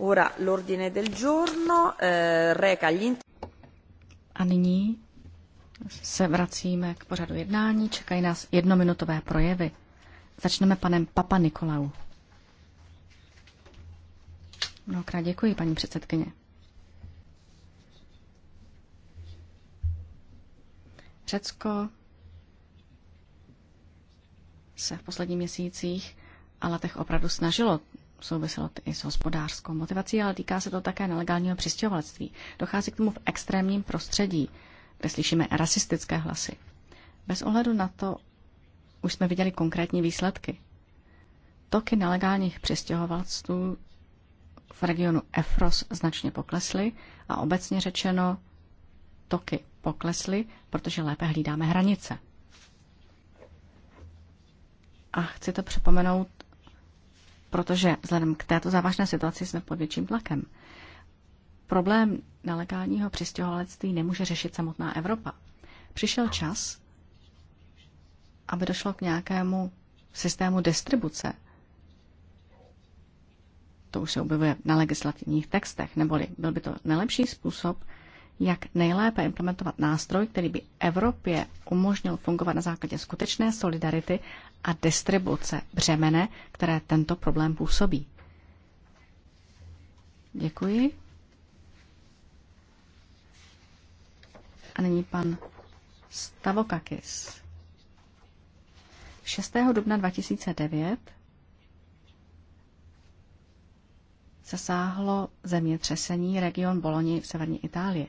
Eh, a nyní se vracíme k pořadu jednání. Čekají nás jednominutové projevy. Začneme panem Papa Nikolau. Mnohokrát děkuji, paní předsedkyně. Řecko se v posledních měsících a letech opravdu snažilo souviselo i s hospodářskou motivací, ale týká se to také nelegálního přistěhovalectví. Dochází k tomu v extrémním prostředí, kde slyšíme rasistické hlasy. Bez ohledu na to už jsme viděli konkrétní výsledky. Toky nelegálních přistěhovalců v regionu Efros značně poklesly a obecně řečeno toky poklesly, protože lépe hlídáme hranice. A chci to připomenout protože vzhledem k této závažné situaci jsme pod větším tlakem. Problém nelegálního přistěhovalectví nemůže řešit samotná Evropa. Přišel čas, aby došlo k nějakému systému distribuce. To už se objevuje na legislativních textech, neboli byl by to nejlepší způsob, jak nejlépe implementovat nástroj, který by Evropě umožnil fungovat na základě skutečné solidarity a distribuce břemene, které tento problém působí. Děkuji. A nyní pan Stavokakis. 6. dubna 2009 zasáhlo zemětřesení region Boloni v severní Itálii.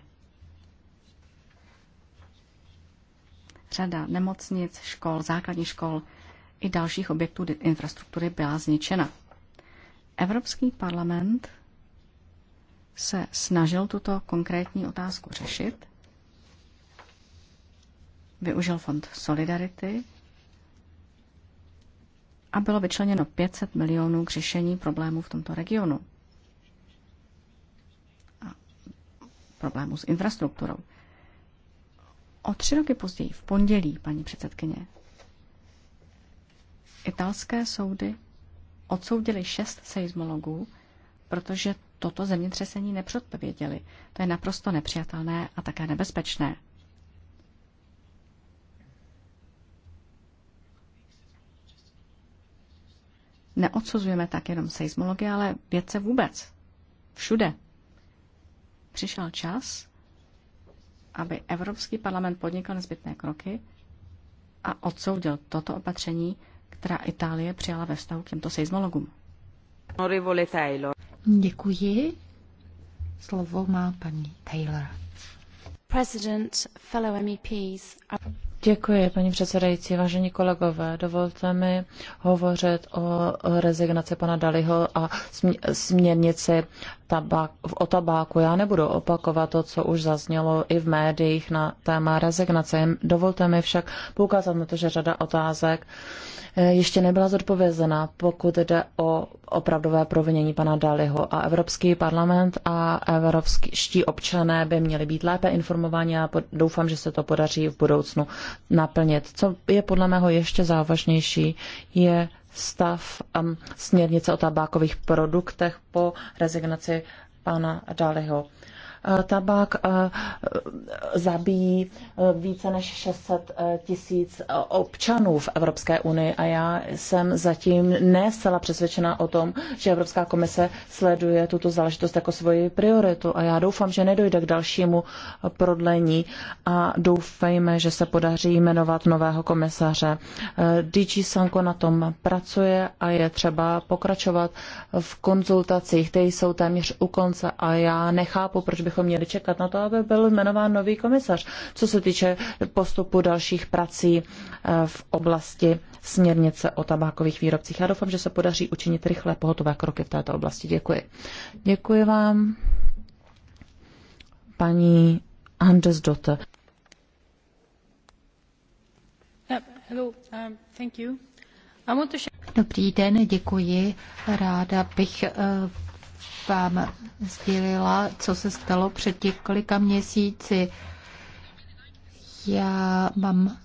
Řada nemocnic, škol, základních škol i dalších objektů infrastruktury byla zničena. Evropský parlament se snažil tuto konkrétní otázku řešit, využil fond Solidarity a bylo vyčleněno 500 milionů k řešení problémů v tomto regionu. A problémů s infrastrukturou. O tři roky později, v pondělí, paní předsedkyně, Italské soudy odsoudili šest seismologů, protože toto zemětřesení nepředpověděli. To je naprosto nepřijatelné a také nebezpečné. Neodsuzujeme tak jenom seismology, ale vědce vůbec. Všude. Přišel čas, aby Evropský parlament podnikl nezbytné kroky a odsoudil toto opatření, která Itálie přijala ve vztahu k těmto seismologům. Děkuji. Slovo má paní Taylor. President, fellow MEPs. Děkuji, paní předsedající. Vážení kolegové, dovolte mi hovořit o rezignaci pana Daliho a směrnici tabak, o tabáku. Já nebudu opakovat to, co už zaznělo i v médiích na téma rezignace. Dovolte mi však poukázat na to, že řada otázek eh, ještě nebyla zodpovězena, pokud jde o opravdové provinění pana Daliho. A Evropský parlament a evropští občané by měli být lépe informováni a doufám, že se to podaří v budoucnu naplnit. Co je podle mého ještě závažnější, je stav směrnice o tabákových produktech po rezignaci pana Daliho. Eh, tabák eh, eh, zabíjí více než 600 tisíc občanů v Evropské unii a já jsem zatím nesela přesvědčena o tom, že Evropská komise sleduje tuto záležitost jako svoji prioritu a já doufám, že nedojde k dalšímu prodlení a doufejme, že se podaří jmenovat nového komisaře. DG Sanko na tom pracuje a je třeba pokračovat v konzultacích, které jsou téměř u konce a já nechápu, proč by bychom měli čekat na to, aby byl jmenován nový komisař, co se týče postupu dalších prací eh, v oblasti směrnice o tabákových výrobcích. Já doufám, že se podaří učinit rychlé pohotové kroky v této oblasti. Děkuji. Děkuji vám, paní Andersdotter. Um, Dobrý den, děkuji. Ráda bych eh, vám sdělila, co se stalo před několika měsíci. Já mám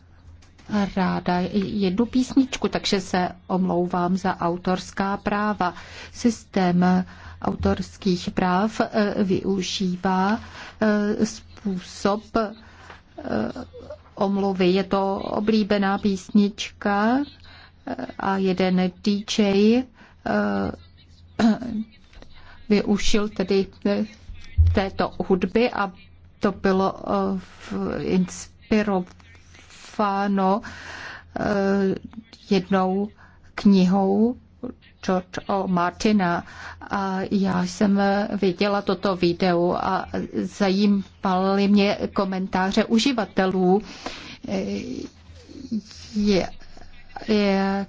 ráda jednu písničku, takže se omlouvám za autorská práva. Systém autorských práv eh, využívá eh, způsob eh, omluvy. Je to oblíbená písnička a jeden DJ využil tedy eh, této hudby a to bylo eh, inspirováno eh, jednou knihou George O. Martina. A já jsem viděla toto video a zajímaly mě komentáře uživatelů. Je, je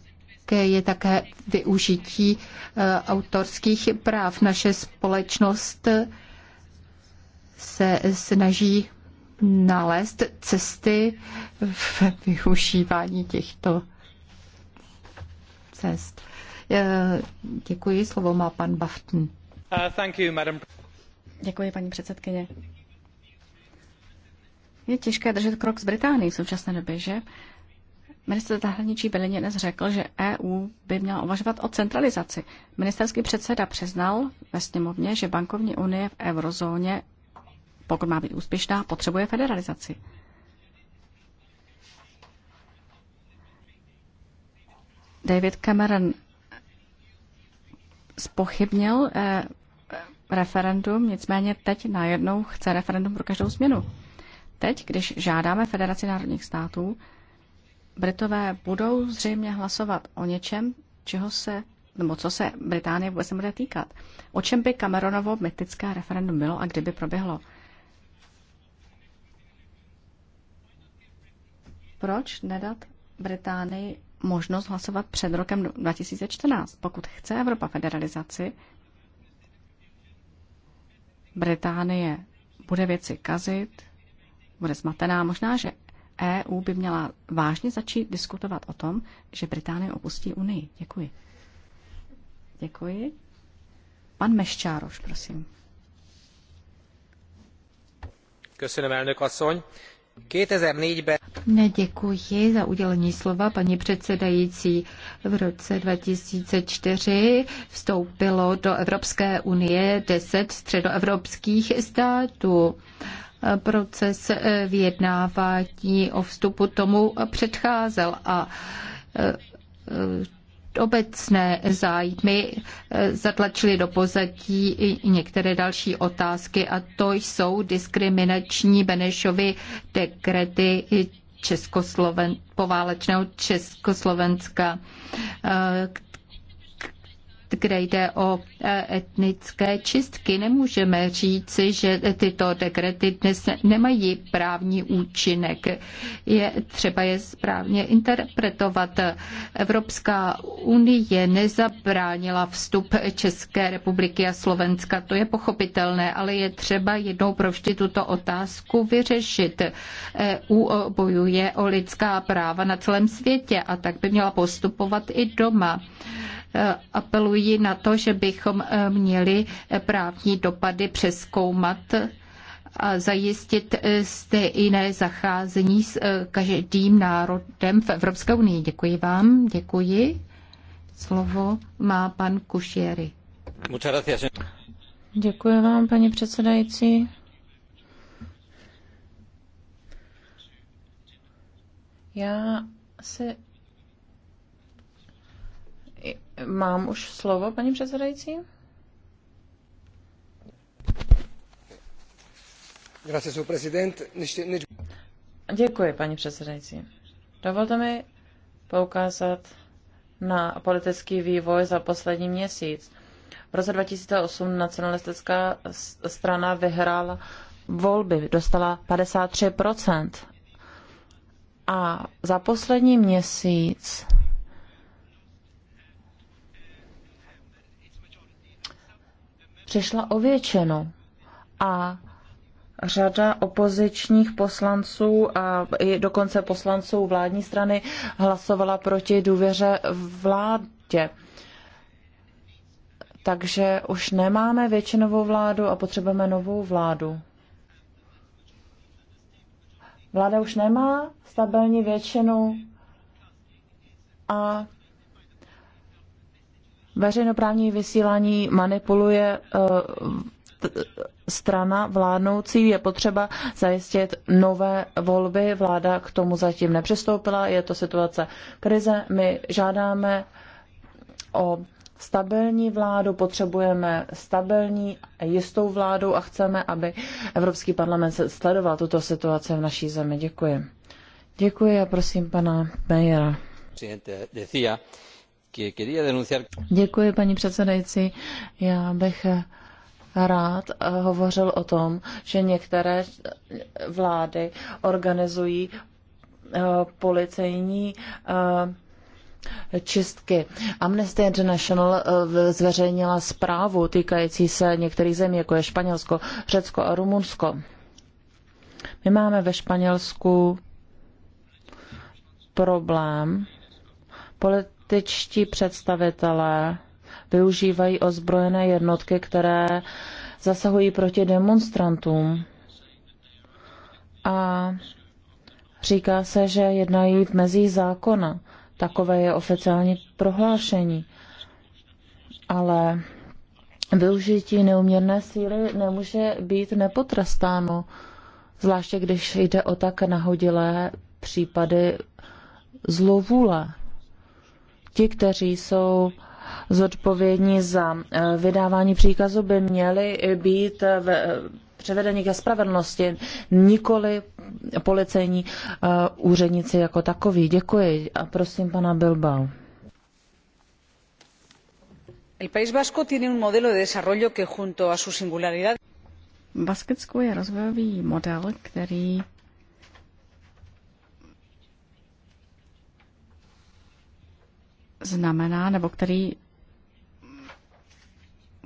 je také využití eh, autorských práv. Naše společnost eh, se snaží nalézt cesty v využívání těchto cest. Eh, děkuji, slovo má pan Bafton. Uh, thank you, madam. Děkuji, paní předsedkyně. Je těžké držet krok s Británií v současné době, že? Minister zahraničí Belině dnes řekl, že EU by měla uvažovat o centralizaci. Ministerský předseda přiznal ve sněmovně, že bankovní unie v eurozóně, pokud má být úspěšná, potřebuje federalizaci. David Cameron spochybnil eh, referendum, nicméně teď najednou chce referendum pro každou změnu. Teď, když žádáme Federaci národních států, Britové budou zřejmě hlasovat o něčem, čeho se, nebo co se Británie vůbec nebude týkat. O čem by Cameronovo mytické referendum bylo a kdyby proběhlo? Proč nedat Británii možnost hlasovat před rokem 2014? Pokud chce Evropa federalizaci, Británie bude věci kazit, bude zmatená. Možná, že EU by měla vážně začít diskutovat o tom, že Británie opustí Unii. Děkuji. Děkuji. Pan Meščároš, prosím. Köszönöm, elnök asszony. 2004-ben... za udělení slova, paní předsedající. V roce 2004 vstoupilo do Evropské unie 10 středoevropských států proces eh, vyjednávání o vstupu tomu předcházel a eh, obecné zájmy eh, zatlačily do pozadí i některé další otázky a to jsou diskriminační Benešovy dekrety Českosloven, poválečného Československa, kde jde o e, etnické čistky. Nemůžeme říci, že tyto dekrety dnes nemají právní účinek. Je třeba je správně interpretovat. Evropská unie nezabránila vstup České republiky a Slovenska. To je pochopitelné, ale je třeba jednou pro vždy tuto otázku vyřešit. EU bojuje o lidská práva na celém světě a tak by měla postupovat i doma. Eh, apelují na to, že bychom eh, měli eh, právní dopady přeskoumat a zajistit stejné zacházení s každým národem v Evropské unii. Děkuji vám, děkuji. Slovo má pan Kušiery. Děkuji vám, paní předsedající. Já se Mám už slovo, paní předsedající? Děkuji, paní předsedající. Dovolte mi poukázat na politický vývoj za poslední měsíc. V roce 2008 nacionalistická strana vyhrála volby, dostala 53 a za poslední měsíc přišla o většinu. A řada opozičních poslanců a i dokonce poslanců vládní strany hlasovala proti důvěře vládě. Takže už nemáme většinovou vládu a potřebujeme novou vládu. Vláda už nemá stabilní většinu a veřejnoprávní vysílání manipuluje eh, strana vládnoucí, je potřeba zajistit nové volby. Vláda k tomu zatím nepřistoupila, je to situace krize. My žádáme o stabilní vládu, potřebujeme stabilní a jistou vládu a chceme, aby Evropský parlament sledoval tuto situaci v naší zemi. Děkuji. Děkuji a prosím pana Mejera. Děkuji, paní předsedající. Já bych rád eh, hovořil o tom, že některé eh, vlády organizují eh, policejní čistky. Amnesty International zveřejnila zprávu týkající se některých zemí, jako je Španělsko, Řecko a Rumunsko. My máme ve Španělsku problém polit političtí představitelé využívají ozbrojené jednotky, které zasahují proti demonstrantům. A říká se, že jednají v mezích zákona. Takové je oficiální prohlášení. Ale využití neuměrné síly nemůže být nepotrestáno, zvláště když jde o tak nahodilé případy zlovůle ti, kteří jsou zodpovědní za eh, vydávání příkazu, by měli být v, eh, převedeni ke spravedlnosti, nikoli policejní uh, úředníci jako takový. Děkuji a prosím pana Bilbao. El País Vasco tiene un modelo de desarrollo que junto a su singularidad Baskicku je rozvojový model, který znamená, nebo který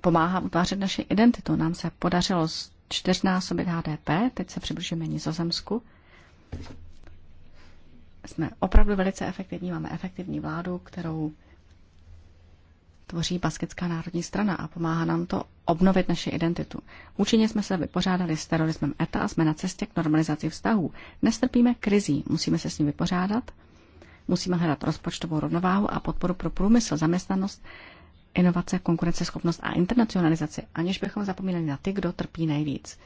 pomáhá utvářet naši identitu. Nám se podařilo čtyřnásobit HDP, teď se přibližujeme Nizozemsku. Jsme opravdu velice efektivní, máme efektivní vládu, kterou tvoří Baskická národní strana a pomáhá nám to obnovit naši identitu. Účinně jsme se vypořádali s terorismem ETA a jsme na cestě k normalizaci vztahů. Nestrpíme krizí, musíme se s ním vypořádat Musíme hledat rozpočtovou rovnováhu a podporu pro průmysl, zaměstnanost, inovace, konkurenceschopnost a internacionalizaci, aniž bychom zapomínali na ty, kdo trpí nejvíc.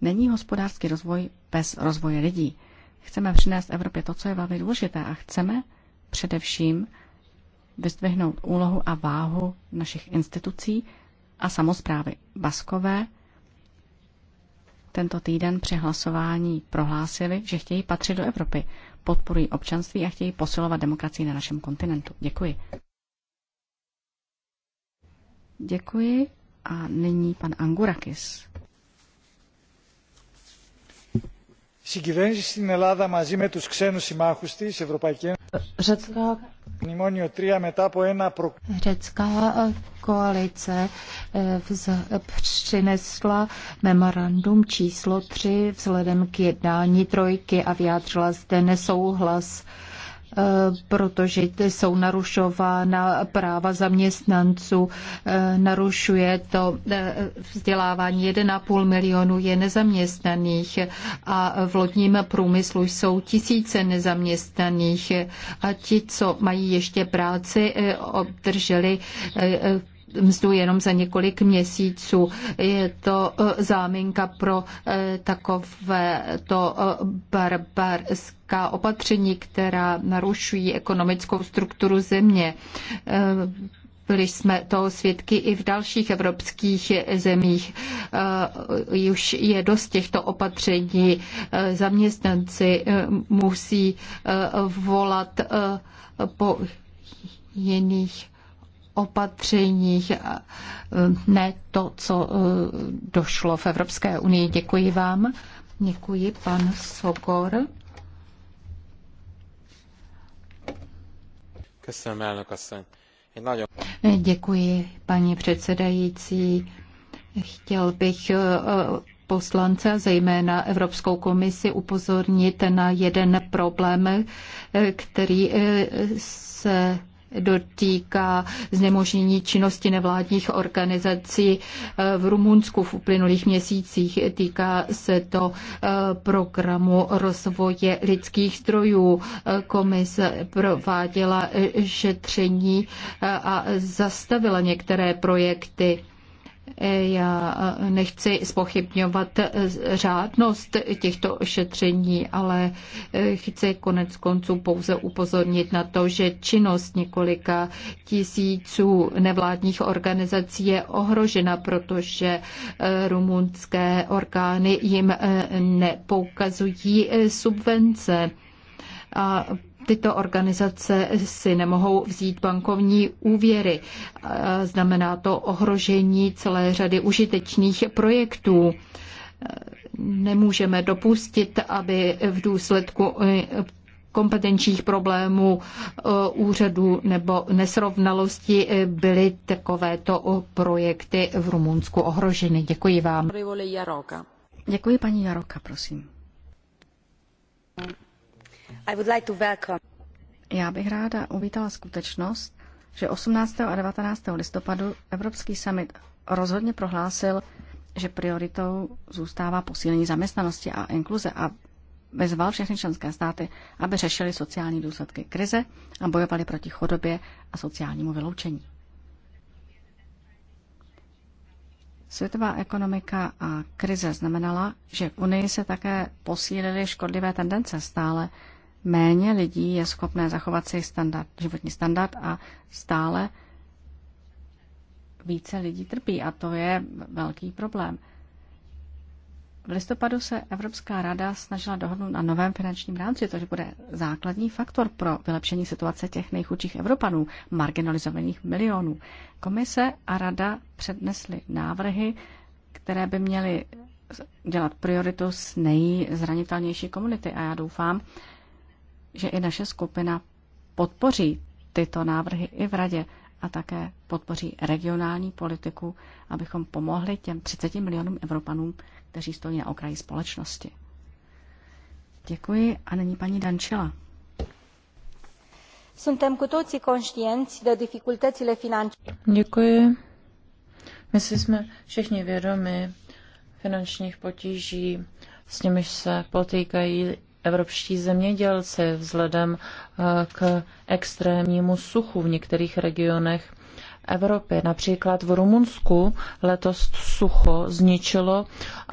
Není hospodářský rozvoj bez rozvoje lidí. Chceme přinést Evropě to, co je velmi důležité a chceme především vyzdvihnout úlohu a váhu našich institucí a samozprávy. Baskové tento týden při hlasování prohlásili, že chtějí patřit do Evropy podporují občanství a chtějí posilovat demokracii na našem kontinentu. Děkuji. Děkuji. A nyní pan Angurakis. συγκυβέρνηση στην Ελλάδα μαζί με τους ξένους συμμάχους της Ευρωπαϊκή Ένωση. Μνημόνιο 3 μετά από ένα προ... Řecká koalice vz, přinesla memorandum číslo 3 vzhledem k jednání trojky a vyjádřila zde nesouhlas protože jsou narušována práva zaměstnanců, eh, narušuje to eh, vzdělávání 1,5 milionu je nezaměstnaných a v lodním průmyslu jsou tisíce nezaměstnaných a ti, co mají ještě práci, eh, obdrželi mzdu jenom za několik měsíců. Je to e, záminka pro e, takové to e, barbarská opatření, která narušují ekonomickou strukturu země. Byli jsme to svědky i v dalších evropských zemích. Už je dost těchto opatření. Zaměstnanci musí volat po jiných opatřeních, e, ne to, co e, došlo v Evropské unii. Děkuji vám. Děkuji, pan Sokor. E, děkuji, paní předsedající. Chtěl bych poslance zejména Evropskou komisi upozornit na jeden problém, který se dotýká znemožnění činnosti nevládních organizací eh, v Rumunsku v uplynulých měsících. Týká se to eh, programu rozvoje lidských zdrojů. Eh, komise prováděla šetření a zastavila některé projekty já nechci spochybňovat řádnost těchto ošetření, ale chci konec konců pouze upozornit na to, že činnost několika tisíců nevládních organizací je ohrožena, protože rumunské orgány jim nepoukazují subvence. A tyto organizace si nemohou vzít bankovní úvěry. Znamená to ohrožení celé řady užitečných projektů. Nemůžeme dopustit, aby v důsledku eh, kompetenčních problémů eh, úřadů nebo nesrovnalosti eh, byly takovéto projekty v Rumunsku ohroženy. Děkuji vám. Děkuji paní Jaroka, prosím. Já bych ráda uvítala skutečnost, že 18. a 19. listopadu Evropský summit rozhodně prohlásil, že prioritou zůstává posílení zaměstnanosti a inkluze a vyzval všechny členské státy, aby řešili sociální důsledky krize a bojovali proti chodobě a sociálnímu vyloučení. Světová ekonomika a krize znamenala, že v Unii se také posílily škodlivé tendence stále méně lidí je schopné zachovat si standard, životní standard a stále více lidí trpí a to je velký problém. V listopadu se Evropská rada snažila dohodnout na novém finančním rámci, což bude základní faktor pro vylepšení situace těch nejchudších Evropanů, marginalizovaných milionů. Komise a rada přednesly návrhy, které by měly dělat prioritu s nejzranitelnější komunity a já doufám, že i naše skupina podpoří tyto návrhy i v radě a také podpoří regionální politiku, abychom pomohli těm 30 milionům Evropanům, kteří stojí na okraji společnosti. Děkuji a není paní Dančila. Suntem cu toții conștienți de dificultățile financiare. Děkuji. My si jsme všichni vědomi finančních potíží, s nimiž se potýkají evropští zemědělci vzhledem eh, k extrémnímu suchu v některých regionech Evropy. Například v Rumunsku letos sucho zničilo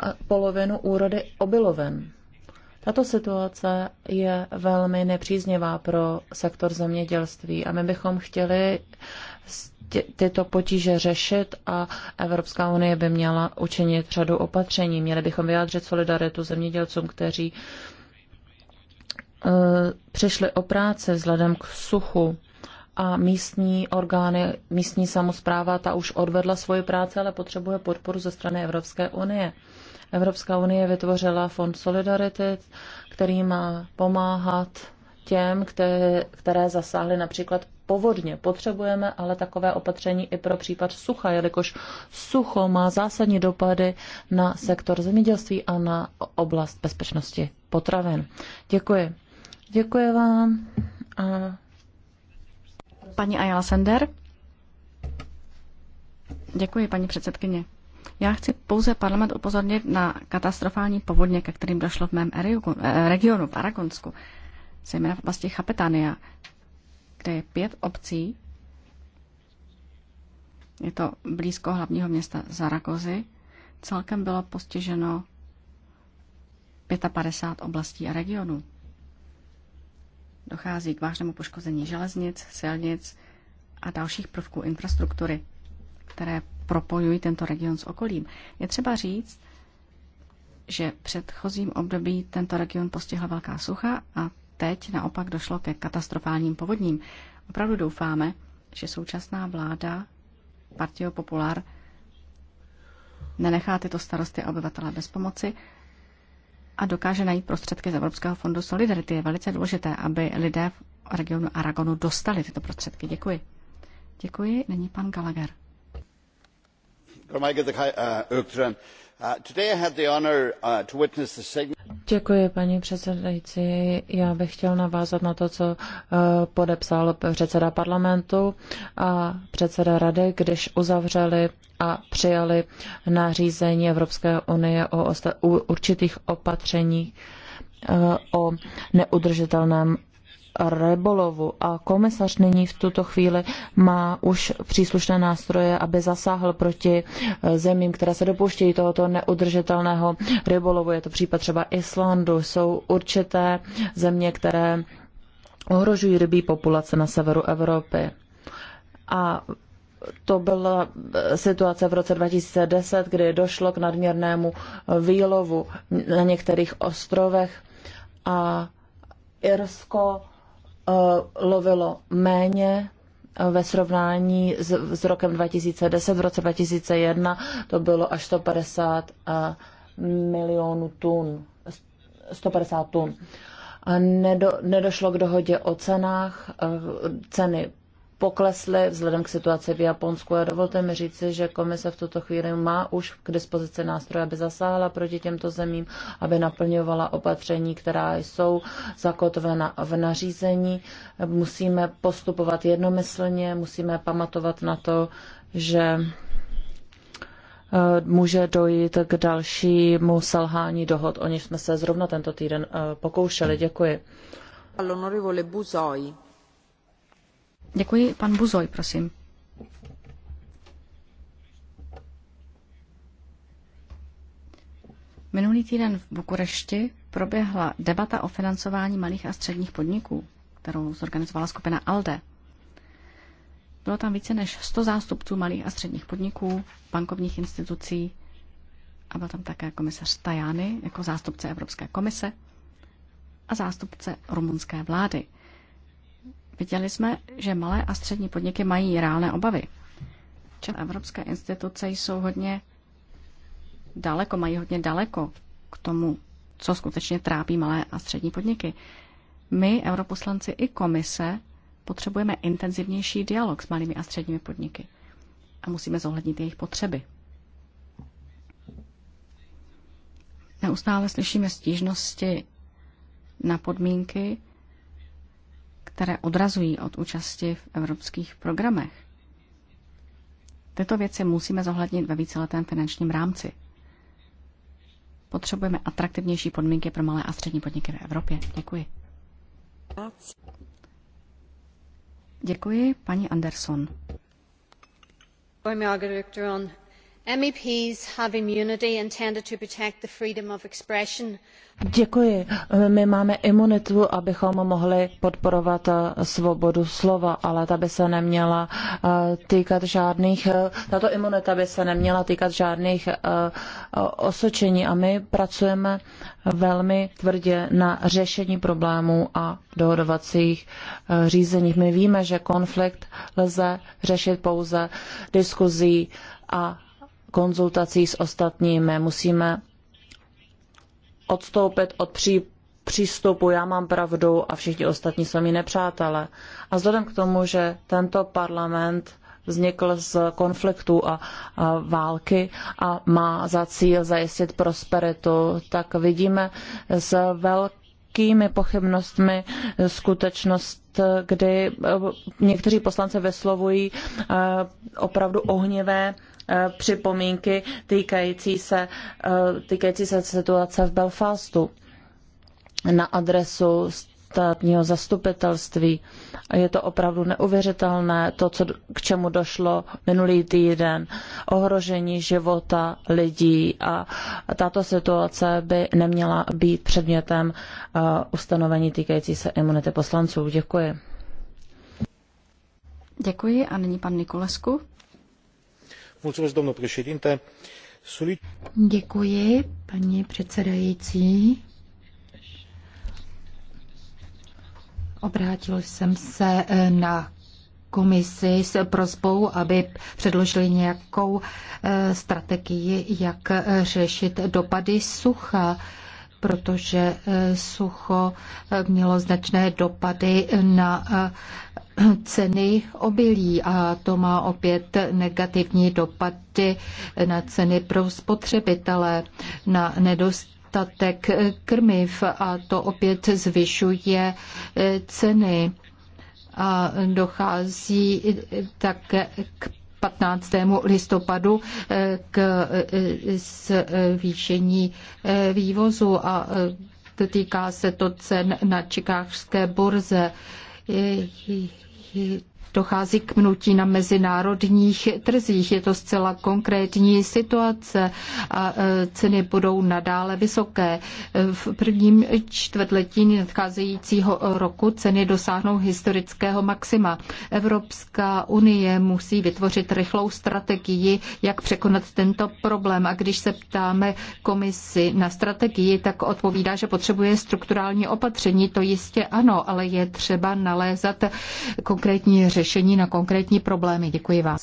eh, polovinu úrody obiloven. Tato situace je velmi nepříznivá pro sektor zemědělství a my bychom chtěli tyto potíže řešit a Evropská unie by měla učinit řadu opatření. Měli bychom vyjádřit solidaritu zemědělcům, kteří uh, Eh, přišli o práce vzhledem k suchu a místní orgány, místní samozpráva, ta už odvedla svoji práci, ale potřebuje podporu ze strany Evropské unie. Evropská unie vytvořila fond Solidarity, který má pomáhat těm, které, které zasáhly například povodně. Potřebujeme ale takové opatření i pro případ sucha, jelikož sucho má zásadní dopady na sektor zemědělství a na oblast bezpečnosti potravin. Děkuji. Děkuji vám. A... Paní Ayala Sender. Děkuji, paní předsedkyně. Já chci pouze parlament upozornit na katastrofální povodně, ke kterým došlo v mém eh, regionu, v Aragonsku, zejména v oblasti Chapetania, kde je pět obcí. Je to blízko hlavního města Zaragozy. Celkem bylo postiženo 55 oblastí a regionů dochází k vážnému poškození železnic, silnic a dalších prvků infrastruktury, které propojují tento region s okolím. Je třeba říct, že v předchozím období tento region postihla velká sucha a teď naopak došlo ke katastrofálním povodním. Opravdu doufáme, že současná vláda Partio Popular nenechá tyto starosty a obyvatele bez pomoci a dokáže najít prostředky z Evropského fondu Solidarity. Je velice důležité, aby lidé v regionu Aragonu dostali tyto prostředky. Děkuji. Děkuji. Není pan Gallagher. Děkuji, paní předsedající. Já bych chtěl navázat na to, co eh, podepsal předseda parlamentu a předseda rady, když uzavřeli a přijali nařízení Evropské unie o určitých opatřeních eh, o neudržitelném rebolovu a komisař nyní v tuto chvíli má už příslušné nástroje, aby zasáhl proti eh, zemím, které se dopouštějí tohoto neudržitelného rybolovu. Je to případ třeba Islandu. Jsou určité země, které ohrožují rybí populace na severu Evropy. A to byla eh, situace v roce 2010, kdy došlo k nadměrnému eh, výlovu na některých ostrovech a Irsko eh, lovilo méně ve srovnání s, s rokem 2010. V roce 2001 to bylo až 150 milionů tun. 150 tun. A nedo, nedošlo k dohodě o cenách, ceny poklesly vzhledem k situaci v Japonsku. A dovolte mi říci, že komise v tuto chvíli má už k dispozici nástroje, aby zasáhla proti těmto zemím, aby naplňovala opatření, která jsou zakotvena v nařízení. Musíme postupovat jednomyslně, musíme pamatovat na to, že eh, může dojít k dalšímu selhání dohod, o něž jsme se zrovna tento týden eh, pokoušeli. Děkuji. All'onorevole Buzoi. Děkuji. Pan Buzoj, prosím. Minulý týden v Bukurešti proběhla debata o financování malých a středních podniků, kterou zorganizovala skupina ALDE. Bylo tam více než 100 zástupců malých a středních podniků, bankovních institucí a byl tam také komisař Tajany jako zástupce Evropské komise a zástupce rumunské vlády. Viděli jsme, že malé a střední podniky mají reálné obavy. Čas evropské instituce jsou hodně daleko, mají hodně daleko k tomu, co skutečně trápí malé a střední podniky. My, europoslanci i komise, potřebujeme intenzivnější dialog s malými a středními podniky a musíme zohlednit jejich potřeby. Neustále slyšíme stížnosti na podmínky, které odrazují od účasti v evropských programech. Tyto věci musíme zohlednit ve víceletém finančním rámci. Potřebujeme atraktivnější podmínky pro malé a střední podniky v Evropě. Děkuji. Děkuji, paní Anderson meps have immunity intended to protect the freedom of expression. Děkuji. My máme imunitu, abychom mohli podporovat eh, svobodu slova, ale ta by se neměla eh, týkat žádných, eh, tato imunita by se neměla týkat žádných osočení a my pracujeme velmi tvrdě na řešení problémů a dohodovacích řízeních. My víme, že konflikt lze řešit pouze diskuzí a konzultací s ostatními. Musíme odstoupit od pří, přístupu já mám pravdu a všichni ostatní jsou mi nepřátelé. A vzhledem k tomu, že tento parlament vznikl z konfliktu a, a války a má za cíl zajistit prosperitu, tak vidíme s velkými pochybnostmi skutečnost, kdy eh, někteří poslanci vyslovují eh, opravdu ohnivé Eh, připomínky týkající se, eh, týkající se situace v Belfastu na adresu státního zastupitelství. Je to opravdu neuvěřitelné, to, co, k čemu došlo minulý týden, ohrožení života lidí a tato situace by neměla být předmětem uh, ustanovení týkající se imunity poslanců. Děkuji. Děkuji a nyní pan Nikolesku. Děkuji, paní předsedající. Obrátil jsem se eh, na komisi s prozbou, aby předložili nějakou eh, strategii, jak eh, řešit dopady sucha protože sucho mělo značné dopady na ceny obilí a to má opět negativní dopady na ceny pro spotřebitele, na nedostatek krmiv a to opět zvyšuje ceny a dochází také k 15. listopadu k zvýšení vývozu a týká se to cen na čikářské burze je, je, je, dochází k mnutí na mezinárodních trzích. Je to zcela konkrétní situace a e, ceny budou nadále vysoké. V prvním čtvrtletí nadcházejícího roku ceny dosáhnou historického maxima. Evropská unie musí vytvořit rychlou strategii, jak překonat tento problém. A když se ptáme komisi na strategii, tak odpovídá, že potřebuje strukturální opatření. To jistě ano, ale je třeba nalézat konkrétní řešení řešení na konkrétní problémy. Děkuji vám.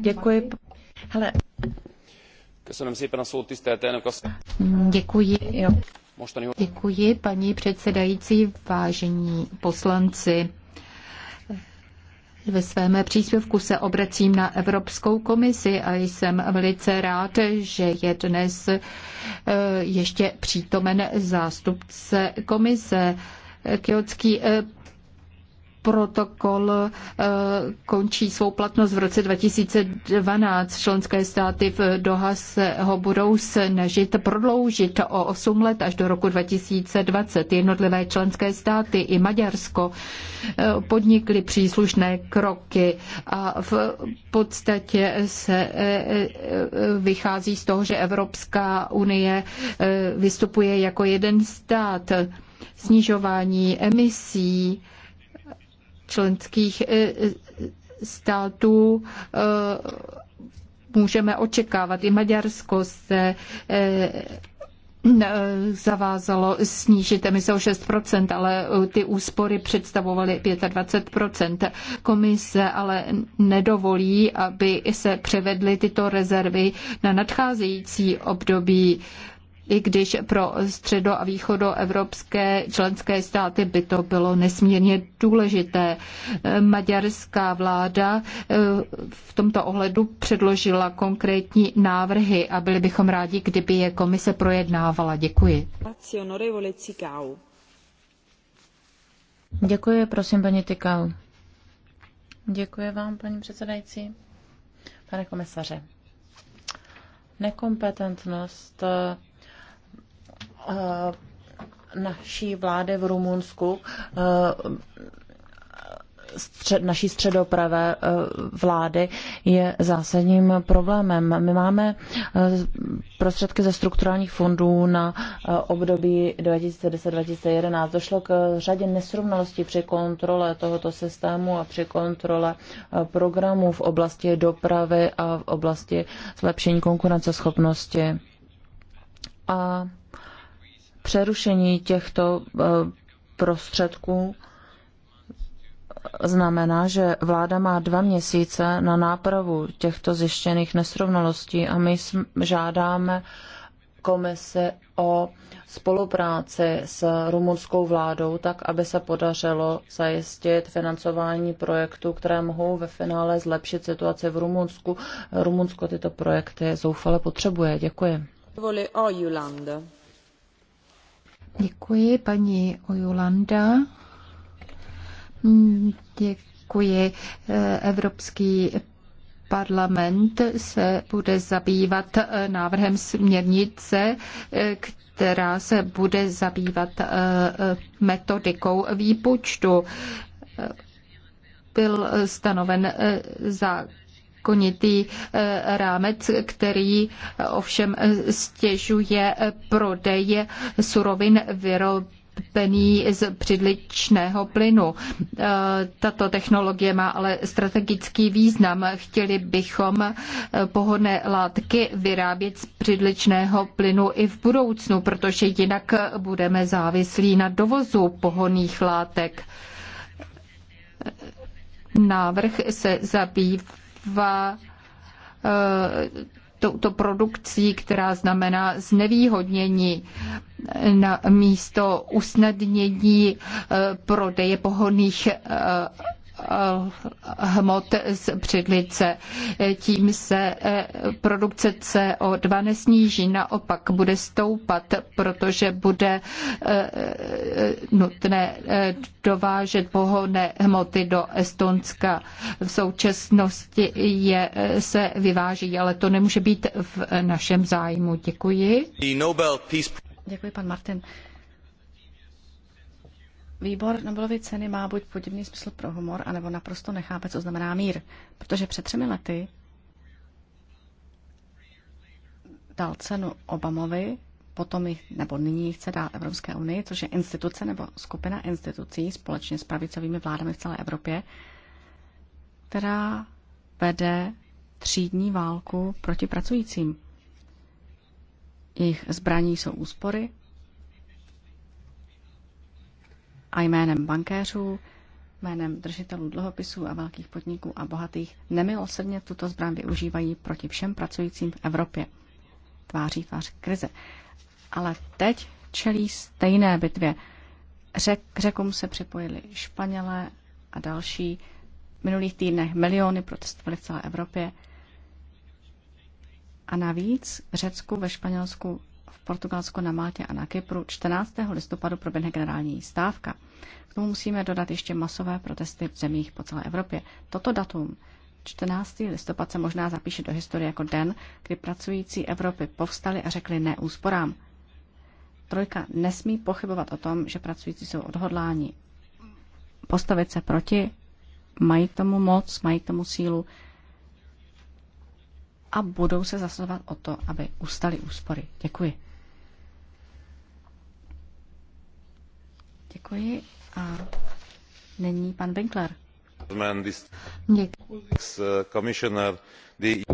Děkuji. Hele. Děkuji. Děkuji, paní předsedající, vážení poslanci. Ve svém příspěvku se obracím na Evropskou komisi a jsem velice rád, že je dnes eh, ještě přítomen zástupce komise. Kyotský eh, protokol eh, končí svou platnost v roce 2012. Členské státy v Doha se ho budou snažit prodloužit o 8 let až do roku 2020. Jednotlivé členské státy i Maďarsko eh, podnikly příslušné kroky a v podstatě se vychází z toho, že Evropská unie vystupuje jako jeden stát snižování emisí členských e, e, států e, můžeme očekávat. I Maďarsko se zavázalo snížit emise o 6%, ale ty úspory představovaly 25%. Komise ale nedovolí, aby se převedly tyto rezervy na nadcházející období i když pro středo- a východoevropské členské státy by to bylo nesmírně důležité. Maďarská vláda eh, v tomto ohledu předložila konkrétní návrhy a byli bychom rádi, kdyby je komise projednávala. Děkuji. Děkuji, prosím, paní Tykau. Děkuji vám, paní předsedající. Pane komisaře, nekompetentnost Eh, naší vlády v Rumunsku, eh, střed, naší středopravé eh, vlády, je zásadním problémem. My máme prostředky ze strukturálních fondů na období 2010-2011. Došlo k řadě nesrovnalostí při kontrole tohoto systému a při kontrole programů v oblasti dopravy a v oblasti zlepšení konkurenceschopnosti. A Přerušení těchto eh, prostředků znamená, že vláda má dva měsíce na nápravu těchto zjištěných nesrovnalostí a my žádáme komise o spolupráci s rumunskou vládou, tak aby se podařilo zajistit financování projektů, které mohou ve finále zlepšit situaci v Rumunsku. Rumunsko tyto projekty zoufale potřebuje. Děkuji. Děkuji, paní Ojulanda. Děkuji. Evropský parlament se bude zabývat eh, návrhem směrnice, eh, která se bude zabývat eh, metodikou výpočtu. Byl stanoven za zákonitý eh, rámec, který eh, ovšem eh, stěžuje prodej surovin vyrobených pení z přidličného plynu. Tato technologie má ale strategický význam. Chtěli bychom pohodné látky vyrábět z přidličného plynu i v budoucnu, protože jinak budeme závislí na dovozu pohodných látek. Návrh se zabývá zabývá eh, touto produkcí, která znamená znevýhodnění na místo usnadnění eh, prodeje pohodných eh, Eh, hmot z břidlice. Tím se eh, produkce CO2 nesníží, naopak bude stoupat, protože bude eh, nutné dovážet pohonné hmoty do Estonska. V současnosti je, se vyváží, ale to nemůže být v našem zájmu. Děkuji. Děkuji, pan Martin. Výbor Nobelovy ceny má buď podivný smysl pro humor, anebo naprosto nechápe, co znamená mír. Protože před třemi lety dal cenu Obamovi, potom jich, nebo nyní ji chce dát Evropské unii, což je instituce nebo skupina institucí společně s pravicovými vládami v celé Evropě, která vede třídní válku proti pracujícím. Jejich zbraní jsou úspory, a jménem bankéřů, jménem držitelů dluhopisů a velkých podniků a bohatých nemilosrdně tuto zbraň využívají proti všem pracujícím v Evropě. Tváří tvář krize. Ale teď čelí stejné bitvě. Řek, řekům se připojili Španělé a další. V minulých týdnech miliony protestovali v celé Evropě. A navíc v Řecku, ve Španělsku v Portugalsku, na Maltě a na Kypru 14. listopadu proběhne generální stávka. K tomu musíme dodat ještě masové protesty v zemích po celé Evropě. Toto datum 14. listopad se možná zapíše do historie jako den, kdy pracující Evropy povstali a řekli ne úsporám. Trojka nesmí pochybovat o tom, že pracující jsou odhodláni postavit se proti, mají k tomu moc, mají k tomu sílu a budou se zasazovat o to, aby ustaly úspory. Děkuji. Děkuji a není pan Winkler.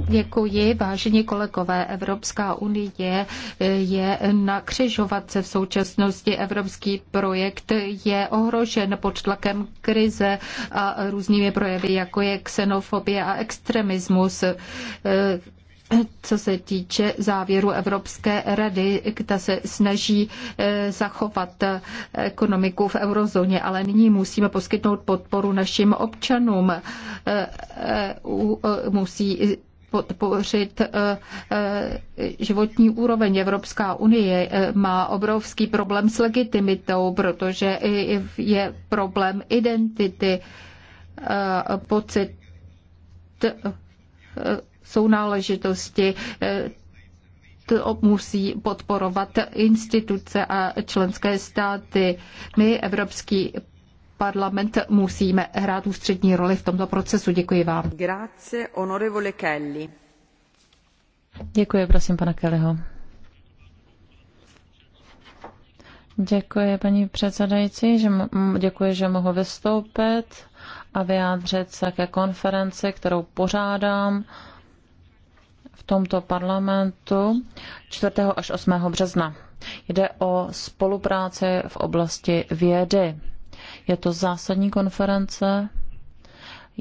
Děkuji. vážení kolegové. Evropská unie je, je na křižovatce v současnosti. Evropský projekt je ohrožen pod tlakem krize a různými projevy, jako je xenofobie a extremismus co se týče závěru Evropské rady, která se snaží eh, zachovat eh, ekonomiku v eurozóně, ale nyní musíme poskytnout podporu našim občanům. Eh, EU musí podpořit životní úroveň. Evropská unie má obrovský problém s legitimitou, protože je problém identity, pocit sounáležitosti. Eh, to musí podporovat instituce a členské státy. My, Evropský parlament, musíme hrát ústřední roli v tomto procesu. Děkuji vám. Grazie, onorevole Kelly. Děkuji, prosím, pana Kellyho. Děkuji, paní předsedající, že děkuji, že mohu vystoupit a vyjádřit se ke konferenci, kterou pořádám v tomto parlamentu 4. až 8. března. Jde o spolupráci v oblasti vědy. Je to zásadní konference,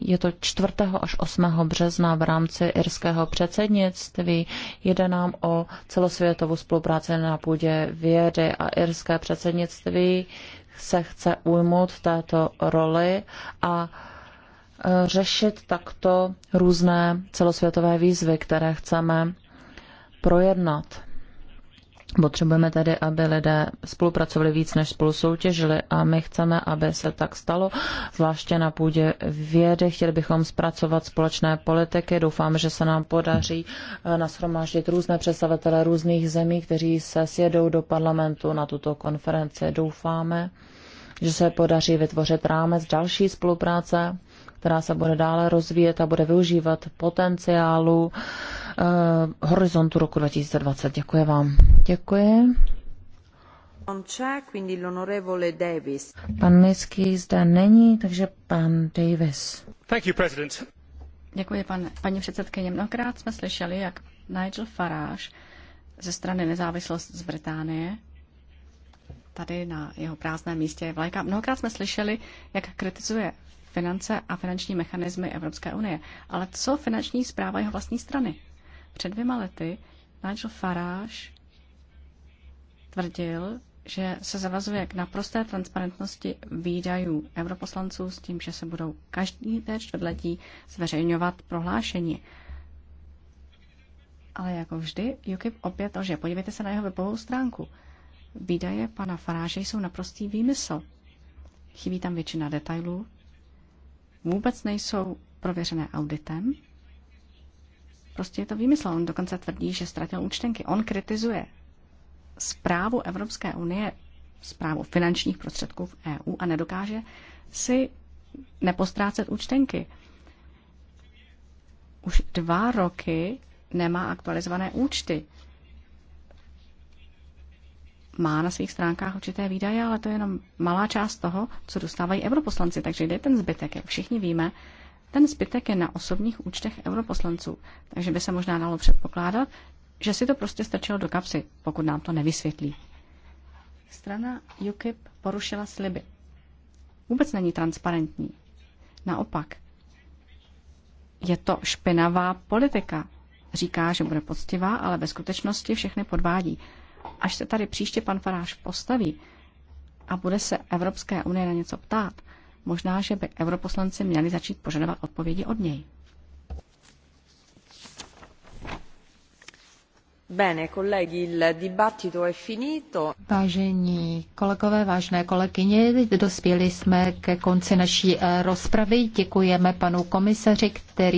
je to 4. až 8. března v rámci irského předsednictví. Jde nám o celosvětovou spolupráci na půdě vědy a irské předsednictví se chce ujmout této roli a Eh, řešit takto různé celosvětové výzvy, které chceme projednat. Potřebujeme tedy, aby lidé spolupracovali víc, než spolu soutěžili a my chceme, aby se tak stalo, zvláště na půdě vědy. Chtěli bychom zpracovat společné politiky. Doufáme, že se nám podaří eh, nashromáždit různé představitele různých zemí, kteří se sjedou do parlamentu na tuto konferenci. Doufáme, že se podaří vytvořit rámec další spolupráce která se bude dále rozvíjet a bude využívat potenciálu uh, horizontu roku 2020. Děkuji vám. Děkuji. Pan Misky zde není, takže pan Davis. Thank you, President. Děkuji, pan, paní předsedkyně. Mnohokrát jsme slyšeli, jak Nigel Farage ze strany nezávislost z Británie tady na jeho prázdném místě je vlajka. Mnohokrát jsme slyšeli, jak kritizuje finance a finanční mechanismy Evropské unie. Ale co finanční zpráva jeho vlastní strany? Před dvěma lety Nigel Farage tvrdil, že se zavazuje k naprosté transparentnosti výdajů europoslanců s tím, že se budou každý té čtvrtletí zveřejňovat prohlášení. Ale jako vždy, UKIP opět lže. Podívejte se na jeho webovou stránku. Výdaje pana Faráže jsou naprostý výmysl. Chybí tam většina detailů, vůbec nejsou prověřené auditem. Prostě je to výmysl. On dokonce tvrdí, že ztratil účtenky. On kritizuje zprávu Evropské unie, zprávu finančních prostředků v EU a nedokáže si nepostrácet účtenky. Už dva roky nemá aktualizované účty má na svých stránkách určité výdaje, ale to je jenom malá část toho, co dostávají europoslanci. Takže jde ten zbytek, jak všichni víme, ten zbytek je na osobních účtech europoslanců. Takže by se možná dalo předpokládat, že si to prostě strčilo do kapsy, pokud nám to nevysvětlí. Strana UKIP porušila sliby. Vůbec není transparentní. Naopak, je to špinavá politika. Říká, že bude poctivá, ale ve skutečnosti všechny podvádí až se tady příště pan Faráš postaví a bude se Evropské unie na něco ptát, možná, že by europoslanci měli začít požadovat odpovědi od něj. Bene, finito. Vážení kolegové, vážné kolegyně, dospěli jsme ke konci naší eh, rozpravy. Děkujeme panu komisaři, který